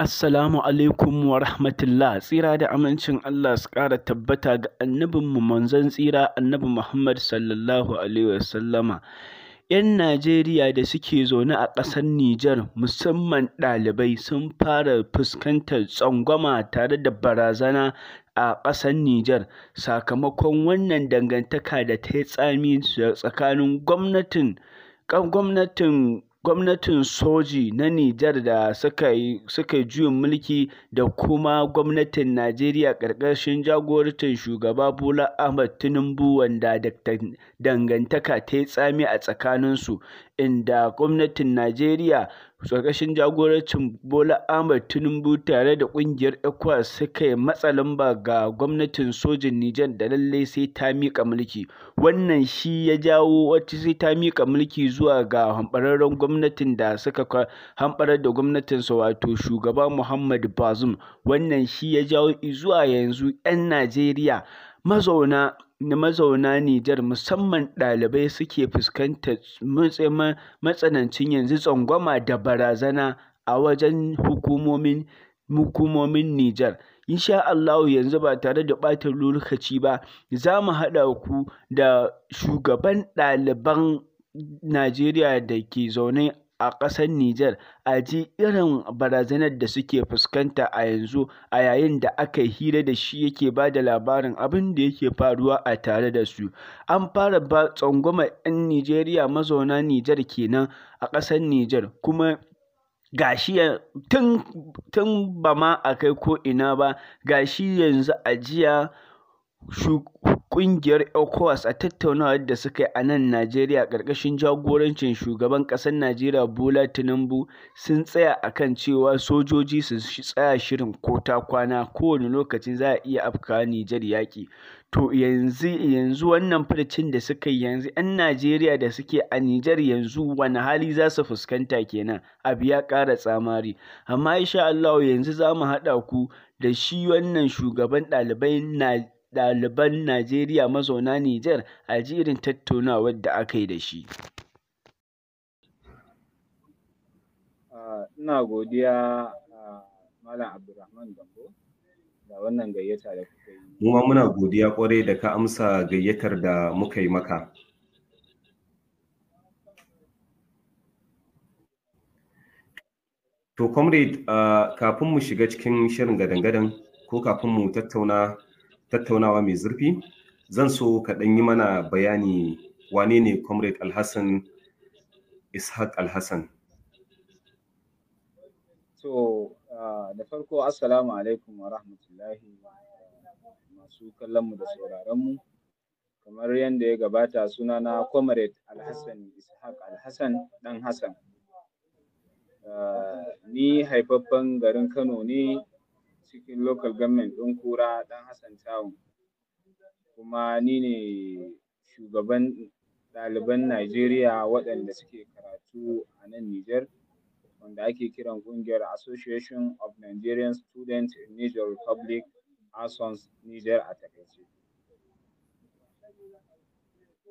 Assalamu alaikum wa rahmatullah tsira da amincin Allah su ƙara tabbata ga annabinmu manzon tsira annabi Muhammad sallallahu alaihi sallama. 'Yan Najeriya da suke zaune a ƙasar Nijar musamman ɗalibai sun fara fuskantar tsangwama tare da barazana a ƙasar Nijar sakamakon wannan dangantaka da ta yi tsami tsakanin gwamnatin gwamnatin gwamnatin soji na Nijar da suka yi juyin mulki da kuma gwamnatin Najeriya ƙarƙashin jagorancin Shugaba Bola Ahmed Tinubu wanda dangantaka ta yi tsami a tsakaninsu, inda gwamnatin Najeriya ƙarƙashin jagorancin Bola Ahmed Tinubu tare da ƙungiyar ECOWAS suka yi matsa lamba ga gwamnatin sojin Nijar da lallai sai ta miƙa mulki. Wannan shi ya jawo wata sai ta miƙa mulki zuwa ga hamɓararren gwamnatin da suka hamɓarar da gwamnatinsa wato shugaba Muhammad Bazoum. Wannan shi ya jawo zuwa yanzu 'yan Najeriya mazauna na mazauna Nijar musamman ɗalibai suke fuskantar matsanancin yanzu tsangwama da barazana a wajen hukumomin Nijar, insha Allahu yanzu ba tare da ɓata lokaci ba za mu haɗa ku da shugaban ɗaliban Najeriya da ke zaune a ƙasar Nijar a ji irin barazanar da suke fuskanta a yanzu a yayin da aka yi hira da shi yake ba da labarin abin da yake faruwa a tare da su. An fara ba tsangwama 'yan Nijeriya mazauna Nijar kenan a ƙasar Nijar kuma gashi tun, tun ba ma a kai ko ina ba gashi yanzu a jiya ƙungiyar ECOWAS a tattaunawar da suka yi a nan Najeriya ƙarƙashin jagorancin Shugaban ƙasar Najeriya Bola Tinubu sun tsaya a kan cewa sojoji su tsaya shirin ko-ta-kwana kowane lokaci za a iya afkawa Nijar yaƙi. To yanzu wannan furcin da suka yi yanzu 'yan Najeriya da suke a Nijar yanzu wani hali za su fuskanta kenan abu ya ƙara tsamari amma insha Allah yanzu za mu haɗa ku da shi wannan shugaban ɗalibai na ɗaliban Najeriya mazauna Nijar a jerin tattaunawar da aka yi da shi. Ina godiya Malam Abdulrahman da wannan gayyata da kuka yi. ma muna godiya kwarai da ka amsa gayyatar da muka yi maka. To, comrade, kafin mu shiga cikin shirin gadan-gadan ko kafin mu tattauna tattaunawa mai zurfi zan so ka ɗan yi mana bayani wane ne comrade alhassan ishaq alhassan so ah, da farko assalamu alaikum wa rahmatullahi masu kallonmu da sauraronmu kamar yadda ya gabata suna na comrade alhassan ishaq alhassan dan hassan ah, ni haifaffen garin kano ne cikin local government ɗin kura ɗan hassan town kuma ni ne shugaban ɗaliban najeriya waɗanda suke karatu a nan nijar wanda ake kiran ƙungiyar association of nigerian students in niger republic asons niger a takaice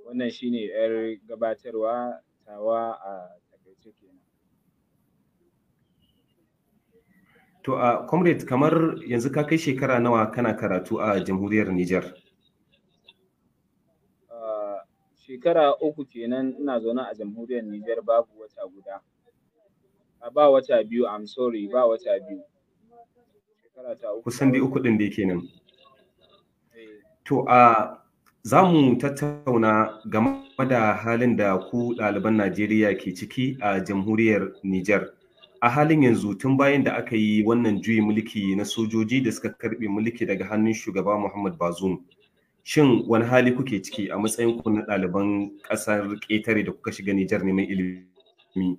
wannan shine 'yar gabatarwa tawa a takaice kenan To a comrade kamar yanzu ka kai shekara nawa kana karatu a jamhuriyar Nijar? Shekara uku kenan ina zaune a jamhuriyar Nijar babu wata guda. Ba wata biyu, I'm sorry, ba wata biyu. Kusan dai uku ɗin dai kenan. Eh. To a za mu tattauna game da halin da ku ɗaliban Najeriya ke ciki a jamhuriyar Nijar. a halin yanzu tun bayan da aka yi wannan juyi mulki na sojoji da suka karbe mulki daga hannun shugaba Muhammad Bazoum shin wani hali kuke ciki a matsayin ku na ɗaliban ƙasar ƙetare da kuka shiga Nijar neman ilimi?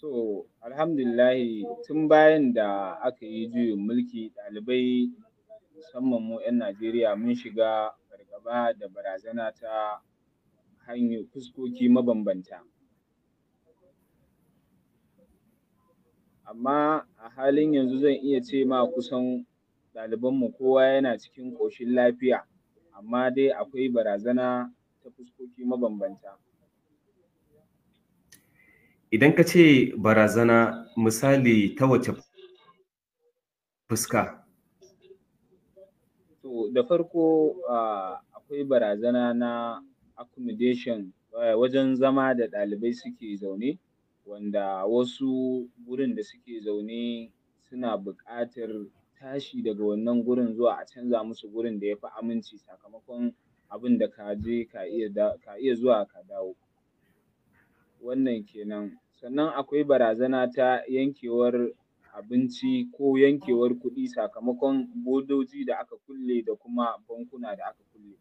So, alhamdulillahi tun bayan da aka yi juyi mulki ɗalibai musamman mu 'yan Najeriya mun shiga fargaba da barazana ta hanyar fuskoki mabambanta. amma a halin yanzu zan iya ce ma kusan ɗalibanmu kowa yana cikin ƙoshin lafiya amma dai akwai barazana ta fuskoki mabambanta. Idan ka ce barazana misali ta wace fuska? To da farko akwai barazana na accommodation eh, wajen zama da ɗalibai suke zaune. wanda wasu gurin da suke zaune suna buƙatar tashi daga wannan gurin zuwa a canza musu gurin da ya fi aminci sakamakon abin da ka je ka iya zuwa ka dawo wannan kenan sannan akwai barazana ta yankewar abinci ko yankewar kuɗi sakamakon bodoji da aka kulle da kuma bankuna da aka kulle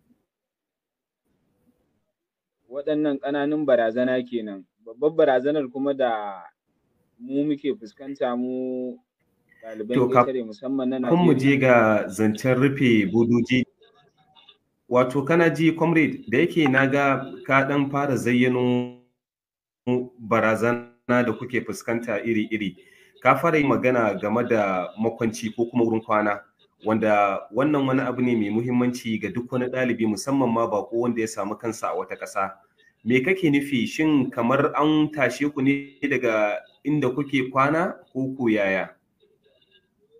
waɗannan ƙananun barazana kenan babbar barazanar kuma da mu muke fuskanta mu ɗaliban ƙetare musamman na Najeriya. Kun mu je ga zancen rufe bududi. Wato kana ji comrade da yake na ga ka ɗan fara zayyano barazana da kuke fuskanta iri-iri. Ka fara yi magana game da makwanci ko kuma wurin kwana. wanda wannan wani abu ne mai muhimmanci ga duk wani ɗalibi musamman ma bako wanda ya samu kansa a wata ƙasa. me kake nufi shin kamar an tashe ku ne daga inda kuke kwana ko ku yaya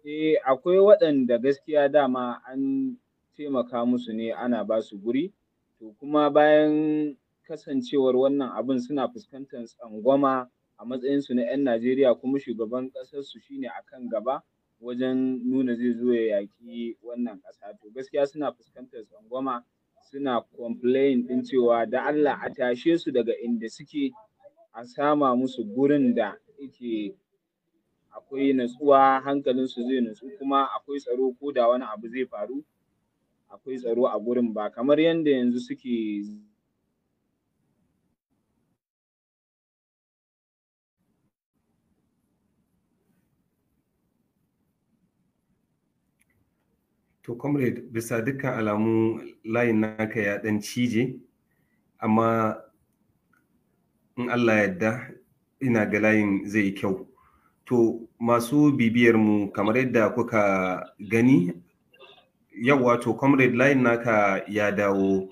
eh akwai waɗanda gaskiya dama an taimaka musu ne ana ba su guri to kuma bayan kasancewar wannan abin suna fuskantar tsangwama a matsayinsu na 'yan Najeriya kuma shugaban ƙasarsu shine akan gaba wajen nuna zai zo ya yaƙi wannan ƙasa to gaskiya suna fuskantar tsangwama suna complain ɗin cewa da Allah a tashe su daga inda suke a sama musu gurin da yake akwai natsuwa su zai natsu kuma akwai tsaro ko da wani abu zai faru akwai tsaro a gurin ba kamar yadda yanzu suke To, comrade, bisa dukkan alamu layin naka ya ɗan cije, amma in Allah yadda ina ga layin zai yi kyau. To, masu bibiyarmu kamar yadda kuka gani, yawa to, comrade layin naka ya dawo.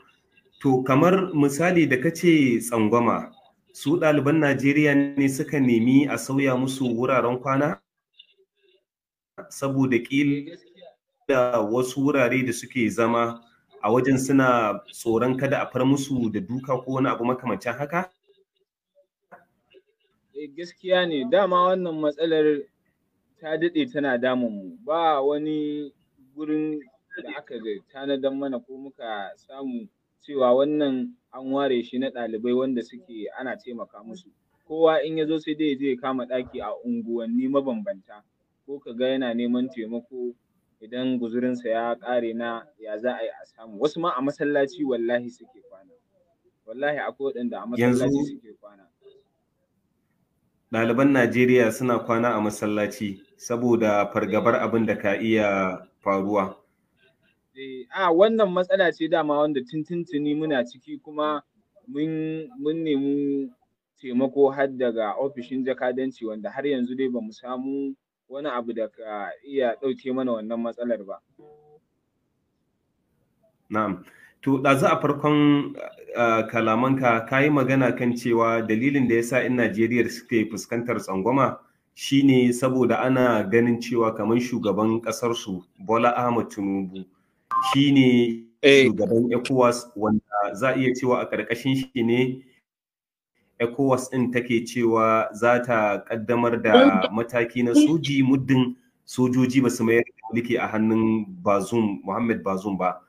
To, kamar misali da kace tsangwama, su ɗaliban Najeriya ne suka nemi a sauya musu wuraren kwana? Saboda ƙil da wasu wurare da suke zama a wajen suna tsoron kada a far musu da duka ko wani abu makamancin haka? Eh, gaskiya ne dama wannan matsalar ta daɗe tana damun mu ba wani gurin da aka tanadar mana ko muka samu cewa wannan an ware shi na ɗalibai wanda suke ana taimaka musu kowa in ya zo sai dai zai kama ɗaki a unguwanni mabambanta ko ka ga yana neman taimako idan guzurinsa ya ƙare na ya za a yi a samu wasu ma a masallaci wallahi suke kwana wallahi akwai waɗanda a masallaci suke kwana ɗaliban najeriya suna kwana a masallaci saboda fargabar abin da ka iya faruwa eh, a wannan matsala ce dama wanda tuntuntuni muna ciki kuma mun nemi taimako har daga ofishin jakadanci wanda har yanzu dai bamu samu wani abu da ka iya ɗauke mana wannan matsalar ba. Na'am. To, ɗazu a farkon kalamanka ka yi magana kan cewa dalilin da ya sa in Najeriya suke fuskantar tsangwama shine saboda ana ganin cewa kamar shugaban ƙasarsu Bola Ahmed Tinubu shine eh. shugaban ECOWAS wanda za a iya cewa a ƙarƙashin shi ne ECOWAS ɗin take cewa za ta ƙaddamar da mataki na soji muddin sojoji ba su mayar da mulki a hannun Bazum Muhammad Bazum ba.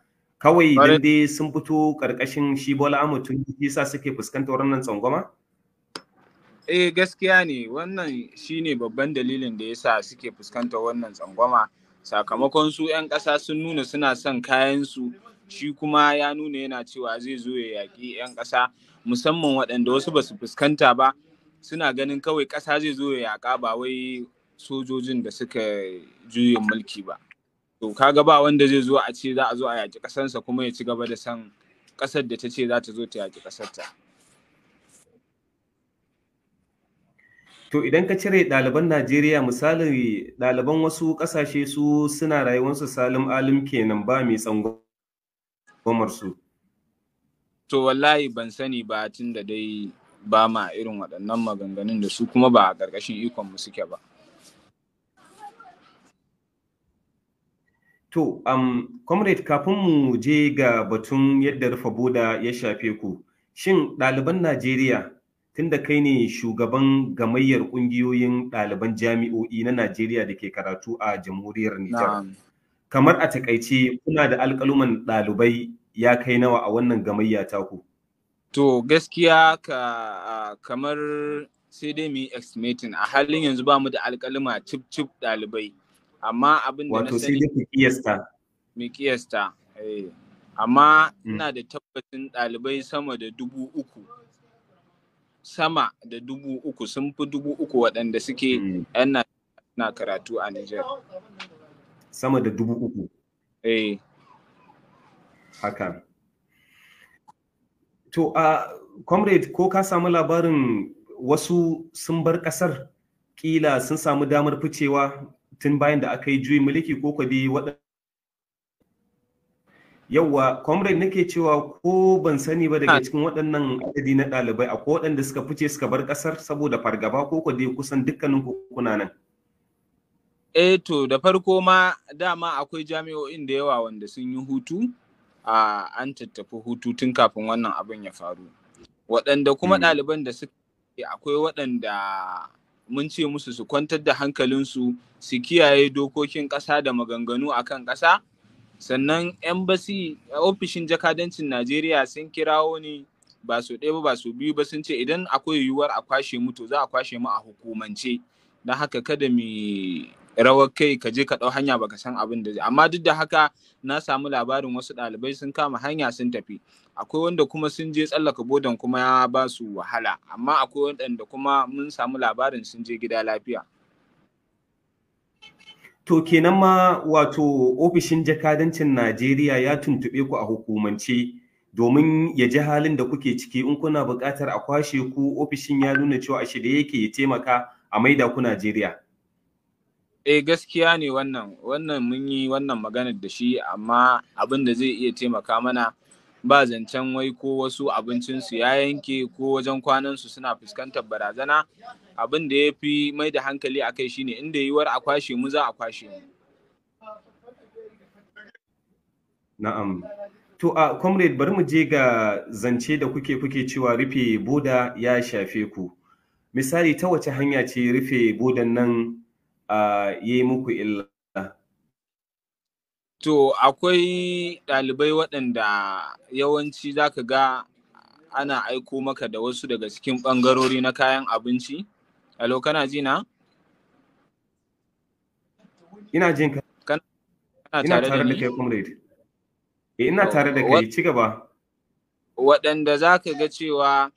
Kawai dan dai sun fito ƙarƙashin shi Bola Ahmed yasa suke fuskantar wannan tsangwama? Eh gaskiya ne wannan shine babban dalilin da yasa suke fuskantar wannan tsangwama sakamakon su 'yan ƙasa sun nuna suna son kayan su shi kuma ya nuna yana cewa zai zo ya yaƙi 'yan ƙasa musamman waɗanda wasu ba su fuskanta ba suna ganin kawai ƙasa zai zo ya yaƙa ba wai sojojin da suka juyin mulki ba to kaga ba wanda zai zo a ce za a zo a yaƙi ƙasarsa kuma ya ci gaba da san ƙasar da ta ce za ta zo ta yaƙi ƙasarta To idan ka cire ɗaliban Najeriya misali ɗaliban wasu ƙasashe su suna rayuwarsu salim alim kenan ba mai tsangon komar su to wallahi ban sani ba tun da dai ba ma irin waɗannan maganganun da su kuma ba a ƙarƙashin ikon mu suke ba To, um, comrade kafin mu je ga batun yadda rufe boda ya shafe ku, shin ɗaliban Najeriya tunda kai ne shugaban gamayyar ƙungiyoyin ɗaliban jami'o'i na Najeriya da ke karatu a jamhuriyar Nijar. Kamar a takaice kuna da alƙaluman ɗalibai ya kai nawa a wannan gamayya taku? To gaskiya ka kamar sai dai mu yi estimating a halin yanzu ba mu da alkalima cip cip ɗalibai amma abin da na sani wato kiyasta mu kiyasta eh. amma mm. ina da tabbacin ɗalibai sama da dubu uku sama da dubu uku sun fi dubu uku waɗanda suke yan mm. na karatu a Nijar. Sama da dubu uku. Eh. haka to a comrade ko ka samu labarin wasu sun bar kasar kila sun samu damar ficewa tun bayan da aka yi juyin mulki ko bi waɗanda yauwa comrade nake cewa ko ban sani ba daga cikin waɗannan adadi na ɗalibai akwai waɗanda suka fice suka bar ƙasar saboda fargaba ko ka dai kusan dukkanin kuna nan eh to da farko ma dama akwai jami'o'in da yawa wanda sun yi hutu an tattafi hutu tun kafin wannan abin ya faru waɗanda kuma hmm. ɗaliban da suka akwai waɗanda mun ce musu su kwantar da hankalinsu su kiyaye dokokin ƙasa da maganganu a kan ƙasa sannan embassy ofishin jakadancin najeriya sun kirawo ni ba su ɗaya ba su biyu ba sun ce idan akwai yiwuwar a kwashe mu to za a kwashe mu a hukumance don haka kada mu rawar kai ka je ka ɗau hanya baka san abin da amma duk da haka na samu labarin wasu ɗalibai sun kama hanya sun tafi akwai wanda kuma sun je tsallaka bodan kuma ya ba su wahala amma akwai waɗanda kuma mun samu labarin sun je gida lafiya To kenan ma wato ofishin jakadancin Najeriya ya tuntuɓe ku a hukumance domin ya ji halin da kuke ciki in kuna buƙatar a kwashe ku ofishin ya nuna cewa a shirye yake ya taimaka a maida ku Najeriya. eh gaskiya ne wannan wannan mun yi wannan maganar da shi amma abin da zai iya taimaka mana ba zancen wai ko wasu abincinsu ya yanke ko wajen kwanansu suna fuskantar barazana abin da ya fi mai da hankali a kai shine inda yiwuwar a kwashe mu za a kwashe mu na'am to a comrade bari mu je ga zance da kuke kuke cewa rufe boda ya shafe ku misali ta wace hanya ce rufe bodan nan ya yi muku illa? To, akwai ɗalibai waɗanda yawanci za ka ga ana aiko maka da wasu daga cikin ɓangarori na kayan abinci? Alo, kana ji na? Ina jin ka. Kana tare da kai, comrade. Ina tare da eh, kai, ci gaba. Waɗanda za ka ga cewa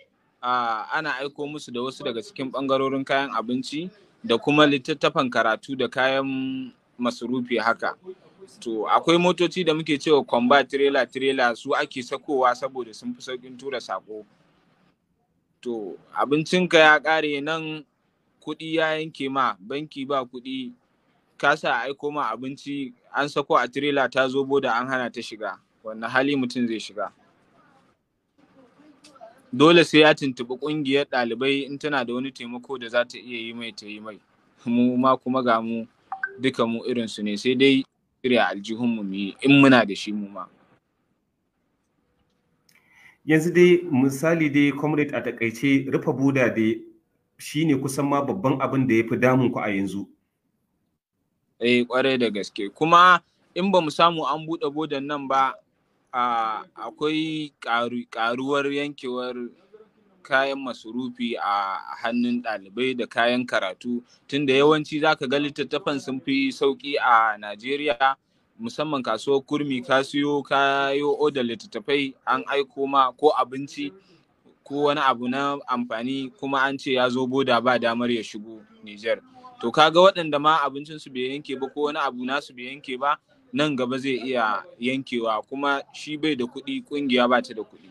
ana aiko musu da wasu daga cikin ɓangarorin kayan abinci, da kuma littattafan karatu da kayan masurufi haka to akwai motoci da muke cewa kwamba tirela tirela su ake sakowa saboda sun fi saukin tura sako to abincinka ya kare nan kuɗi ya yanke ma banki ba kuɗi kasa sa aiko ma abinci an sako a tirela ta zo da an hana ta shiga wannan hali mutum zai shiga dole sai ya tuntuɓi ƙungiyar ɗalibai in tana da wani taimako da za ta iya yi mai ta yi mai mu ma kuma ga mu duka mu irinsu ne sai dai shirya aljihunmu mu yi in muna da shi mu ma yanzu dai misali dai comrade a takaice rufe buda dai shine kusan ma babban abin da ya fi damun ku a yanzu eh kwarai da gaske kuma in ba mu samu an buɗe bodan nan ba akwai karuwar yankewar kayan masurufi a hannun ɗalibai da kayan karatu tunda yawanci zaka ga littattafan sun fi sauki a Najeriya musamman kasuwar kurmi ka siyo kayo odar littattafai an aiko ma ko abinci ko wani abu na amfani kuma an ce ya zo boda ba damar ya shigo Nijar. To kaga waɗanda ma abincinsu bai yanke ba ko wani abu nasu bai yanke ba nan gaba zai iya yankewa kuma shi bai da kuɗi ƙungiya ba ta da kuɗi.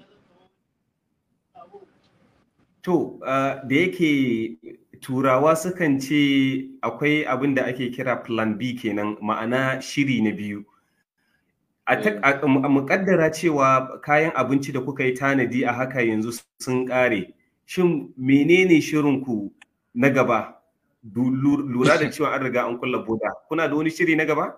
To, da yake turawa sukan ce akwai abin da ake kira plan B kenan ma'ana shiri na biyu. A eh. muƙaddara cewa kayan abinci da kuka yi tanadi a haka yanzu sun ƙare, shin menene shirinku na gaba? Lura da cewa an riga an kulla boda, kuna da wani shiri na gaba?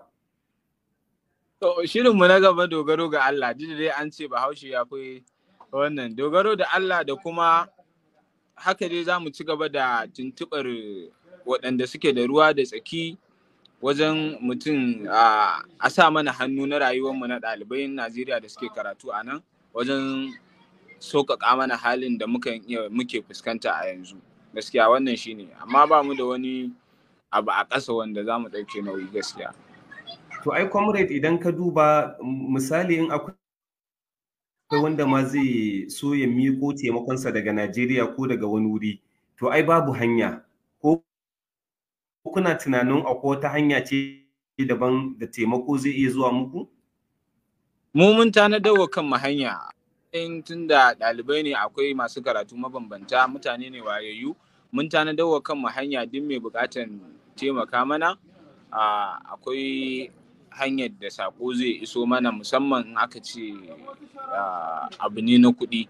To shirinmu na gaba dogaro ga Allah, duk dai an ce Bahaushe ya fi wannan dogaro da Allah da kuma haka dai za mu ci gaba da tuntuɓar waɗanda suke da ruwa da tsaki wajen mutum a sa mana hannu na rayuwarmu na ɗalibai Najeriya da suke karatu a nan wajen sauƙaƙa mana halin da muke fuskanta a yanzu. Gaskiya wannan shine, amma ba mu da wani abu a ƙasa wanda za mu ɗauke nauyi gaskiya. To ai comrade idan ka duba misali in akwai wanda ma zai so ya miko taimakonsa daga Najeriya ko daga wani wuri to ai babu hanya ko kuna tunanin akwai wata hanya ce daban da taimako zai iya zuwa muku? Mu mun tanadar wa kanmu hanya in tunda ɗalibai ne akwai masu karatu mabambanta mutane ne wayayyu mun tanadar wa kanmu hanya duk mai buƙatar taimaka mana akwai hanyar da sako zai iso mana musamman in aka ce abu ne na kuɗi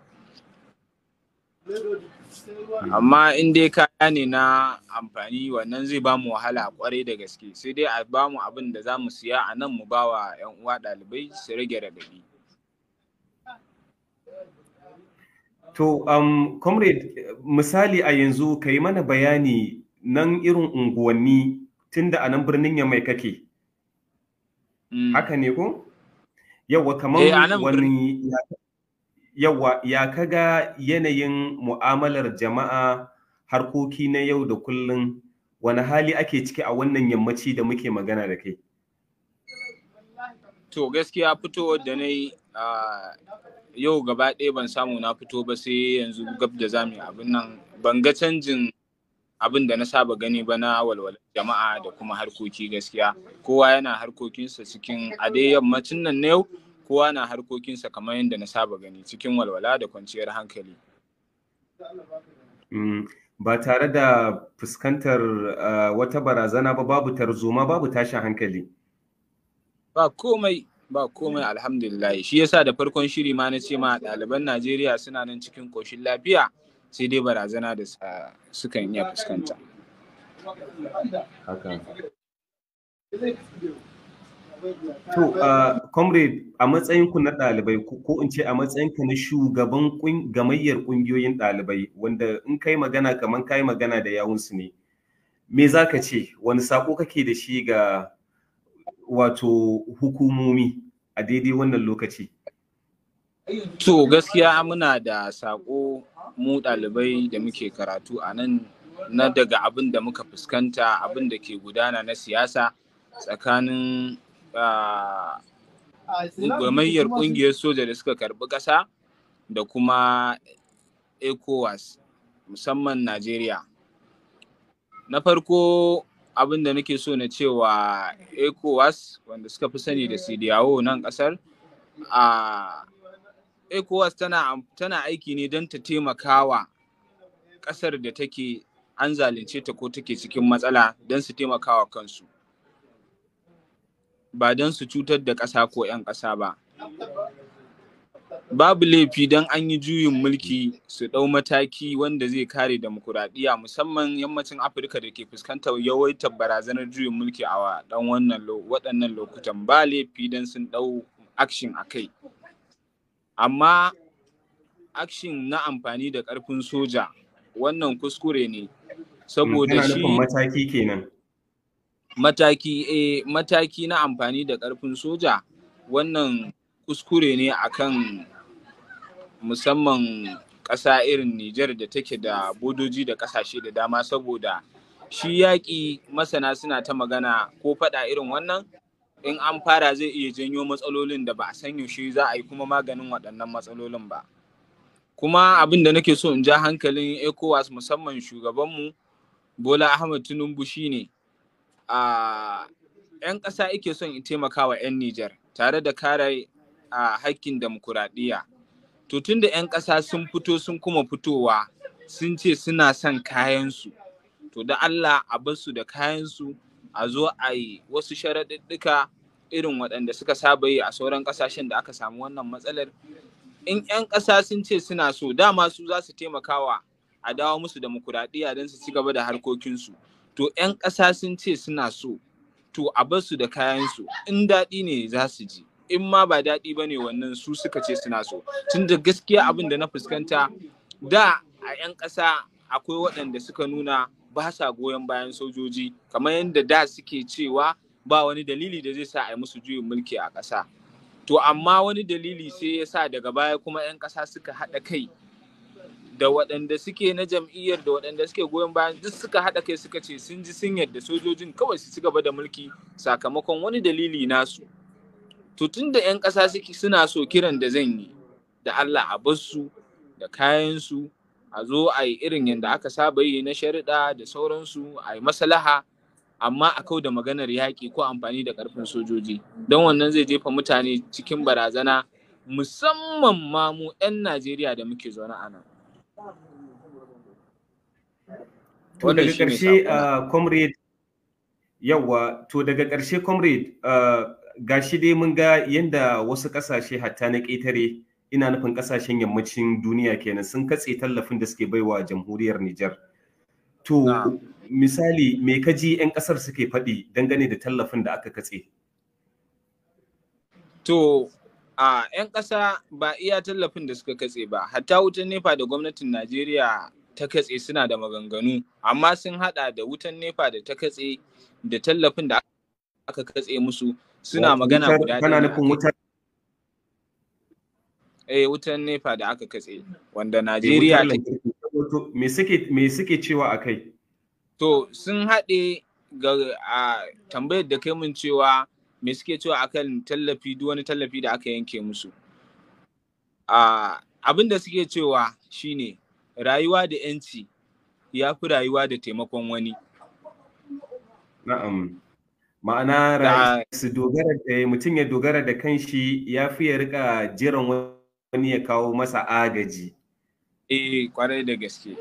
amma in dai kaya ne na amfani wannan zai bamu wahala kwarai da gaske sai dai a bamu abin da za mu siya a nan mu bawa 'yan uwa ɗalibai su rage raɗaɗi To, um, comrade, misali a yanzu ka yi mana bayani nan irin unguwanni tunda a nan birnin ya mai kake, Mm. haka ne ko yawa kamar eh, wani yawa ya kaga yanayin mu'amalar jama'a harkoki na yau da kullun wani hali ake ciki a wannan yammaci da muke magana da kai to gaskiya fito da na yi yau gaba ɗaya ban samu na fito ba sai yanzu gab da zami abin nan ban ga canjin abin da na saba gani ba na walwala jama'a da kuma harkoki gaskiya kowa yana harkokinsa cikin a dai yammacin nan na yau kowa na harkokinsa kamar yadda na saba gani cikin walwala da kwanciyar hankali mm, ba tare da fuskantar wata barazana ba babu tarzoma babu tashin hankali ba komai ba komai alhamdulillah shi yasa da farkon shiri ma na ce ma ɗaliban najeriya suna nan cikin koshin lafiya sai dai barazana da sukan iya fuskanta To, comrade a matsayinku na ɗalibai ko in ce a matsayinka na shugaban gamayyar ƙungiyoyin ɗalibai wanda in kai magana kamar kai magana da yawunsu ne. Me za ka ce, wani saƙo kake da shi ga wato hukumomi a daidai wannan lokaci? To, gaskiya muna da saƙo mu ɗalibai da muke karatu a nan na daga abin da muka fuskanta abin da ke gudana na siyasa tsakanin gwamayyar ƙungiyar soja da suka karbi ƙasa da kuma ecowas musamman najeriya na farko abin da nake so na cewa ecowas wanda suka fi sani da cdao nan ƙasar a ECOWAS tana, tana aiki ne don ta wa ƙasar da take an zalunce ta ko take cikin matsala don su taimaka wa kansu. Ba don su cutar da ƙasa ko 'yan ƙasa ba. Babu laifi don an yi juyin mulki su ɗau mataki wanda zai kare demokuraɗiyya musamman yammacin Afirka da ke fuskantar yawaitar barazanar juyin mulki a waɗannan lokutan ba laifi don sun ɗau action a kai. amma action na amfani da ƙarfin soja wannan kuskure ne saboda shi mataki kenan mataki eh mataki na amfani da ƙarfin soja wannan kuskure ne akan musamman ƙasa irin Nijar da take da bodoji da ƙasashe da dama saboda shi yaƙi masana suna ta magana ko faɗa irin wannan in an fara zai iya janyo matsalolin da ba a san yaushe za a yi kuma maganin waɗannan matsalolin ba kuma abin da nake so in ja hankalin ecowas musamman shugabanmu bola ahmad tinubu shine a 'yan ƙasa ike son in taimaka wa 'yan nijar tare da kare a hakkin demokuraɗiyya to tun da 'yan ƙasa sun fito sun kuma fitowa sun ce suna son kayansu to da allah a basu da kayansu a zo a yi wasu sharaɗuɗɗuka irin waɗanda suka saba yi a sauran ƙasashen da aka samu wannan matsalar in 'yan ƙasa sun ce suna so dama su za su taimakawa a dawo musu da mukuraɗiya don su ci gaba da harkokinsu to 'yan ƙasa sun ce suna so to a bar su da kayansu in daɗi ne za su ji in ma ba daɗi ba ne wannan su suka ce suna so tun da gaskiya abin da na fuskanta da a 'yan ƙasa akwai waɗanda suka nuna ba sa goyon bayan sojoji kamar yadda da suke cewa ba wani dalili da zai sa a yi musu juyin mulki a ƙasa to amma wani dalili sai ya sa daga baya kuma 'yan ƙasa suka haɗa kai da waɗanda suke na jam'iyyar da waɗanda suke goyon bayan duk suka haɗa kai suka ce sun ji sun yarda sojojin kawai su ci gaba da mulki sakamakon wani dalili nasu to tun da 'yan ƙasa suna so kiran da zan yi da Allah a bar su da su. a zo a yi irin yadda aka saba yi na shari'a da sauransu a yi maslaha amma a kau da maganar yaƙi ko amfani da ƙarfin sojoji don wannan zai jefa mutane cikin barazana musamman ma mu 'yan najeriya da muke zaune a nan to daga ah, ƙarshe comrade yawa ah, to daga dai mun ga yadda wasu ƙasashe hatta na ƙetare ina nufin kasashen yammacin duniya kenan sun katse tallafin da suke baiwa jamhuriyar Nijar. To misali me kaji 'yan kasar suke faɗi dangane da tallafin da aka katse? To a 'yan ƙasa ba iya tallafin da suka katse ba, hatta wutan nefa da gwamnatin Najeriya ta katse suna da maganganu, amma sun haɗa da wutan nefa da ta katse da tallafin da aka katse musu suna magana guda. Kana nufin eh wutan nefa da aka katse wanda eh, Najeriya ta me suke cewa a kai to sun haɗe ga a tambayar da kai mun cewa me suke cewa akan tallafi duk wani tallafi da aka yanke musu a abin da suke cewa shine rayuwa da yanci ya fi rayuwa da taimakon wani na'am ma'ana su dogara da mutum ya dogara da kanshi ya fi ya rika jiran wani wani ya kawo masa agaji eh kwarai da gaske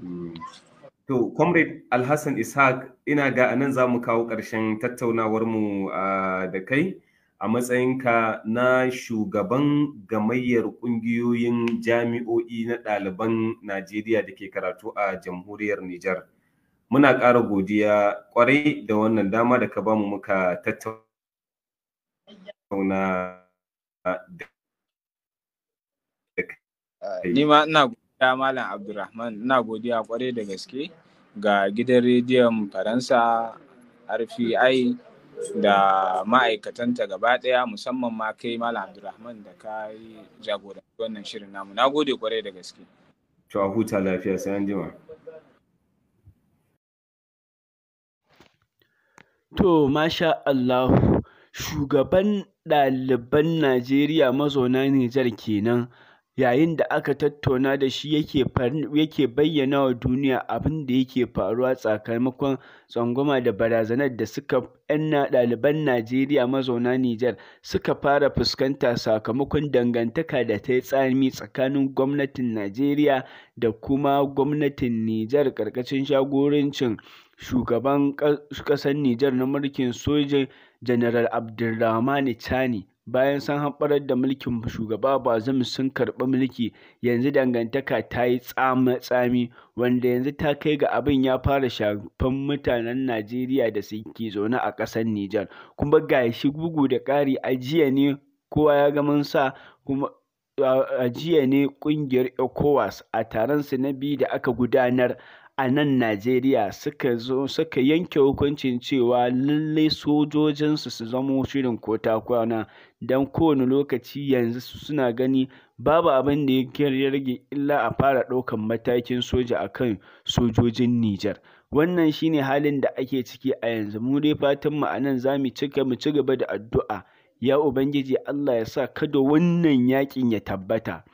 hmm. to comrade alhassan ishaq ina ga anan za mu kawo ƙarshen tattaunawarmu da kai a matsayinka na shugaban gamayyar ƙungiyoyin jami'o'i na ɗaliban najeriya da ke karatu a jamhuriyar nijar muna ƙara godiya ƙwarai da wannan dama da ka bamu muka tattauna Ni ma ina godiya Malam Abdulrahman, ina godiya kwarai da gaske ga gidan rediyon Faransa RFI da ma'aikatanta gaba ɗaya musamman ma kai Malam Abdulrahman da ka yi jagoranci wannan shirin namu. Na gode kwarai da gaske. To a huta lafiya sai an jima. To, masha Allah, shugaban ɗaliban Najeriya mazauna Nijar kenan, yayin da aka tattauna da shi yake bayyana wa duniya abin da yake faruwa sakamakon tsangwama da barazanar da suka yan ɗaliban Najeriya mazauna Nijar suka fara fuskanta sakamakon dangantaka da ta yi tsami tsakanin gwamnatin Najeriya da kuma gwamnatin Nijar ƙarƙashin jagorancin shugaban ƙasar Nijar na mulkin sojin Janaral Abdourahamane Chani, bayan sun hamɓarar da mulkin shugaba Bazoum sun karɓi mulki yanzu dangantaka ta yi tsami wanda yanzu ta kai ga abin ya fara shafan mutanen Najeriya da suke zaune a ƙasar Nijar kuma ga shi bugu da ƙari a jiya ne kowa ya ga sa kuma a ne ƙungiyar ECOWAS a taron su na biyu da aka gudanar a nan Najeriya suka yanke hukuncin cewa lallai sojojinsu su zama shirin ko kwana don kowane lokaci yanzu suna gani babu abin da ya rage illa a fara ɗaukan matakin soja a kan sojojin Nijar. Wannan shine halin da ake ciki a yanzu, mu dai fatanmu a nan za mu ci gaba da addu'a, ya Ubangiji Allah ya sa kada wannan yaƙin ya tabbata.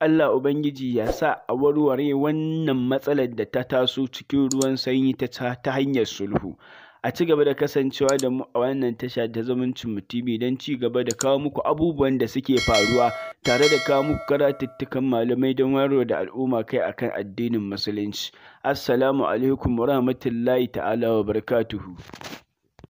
Allah Ubangiji ya sa a warware wannan matsalar da ta taso cikin ruwan sanyi ta hanyar sulhu. A ci gaba da kasancewa da mu a wannan tasha ta zumuncin mu TV don ci gaba da kawo muku abubuwan da suke faruwa tare da kawo muku karatuttukan malamai don wayarwa da al'umma kai akan addinin musulunci. Assalamu alaikum wa rahmatullahi ta'ala wa barakatuhu.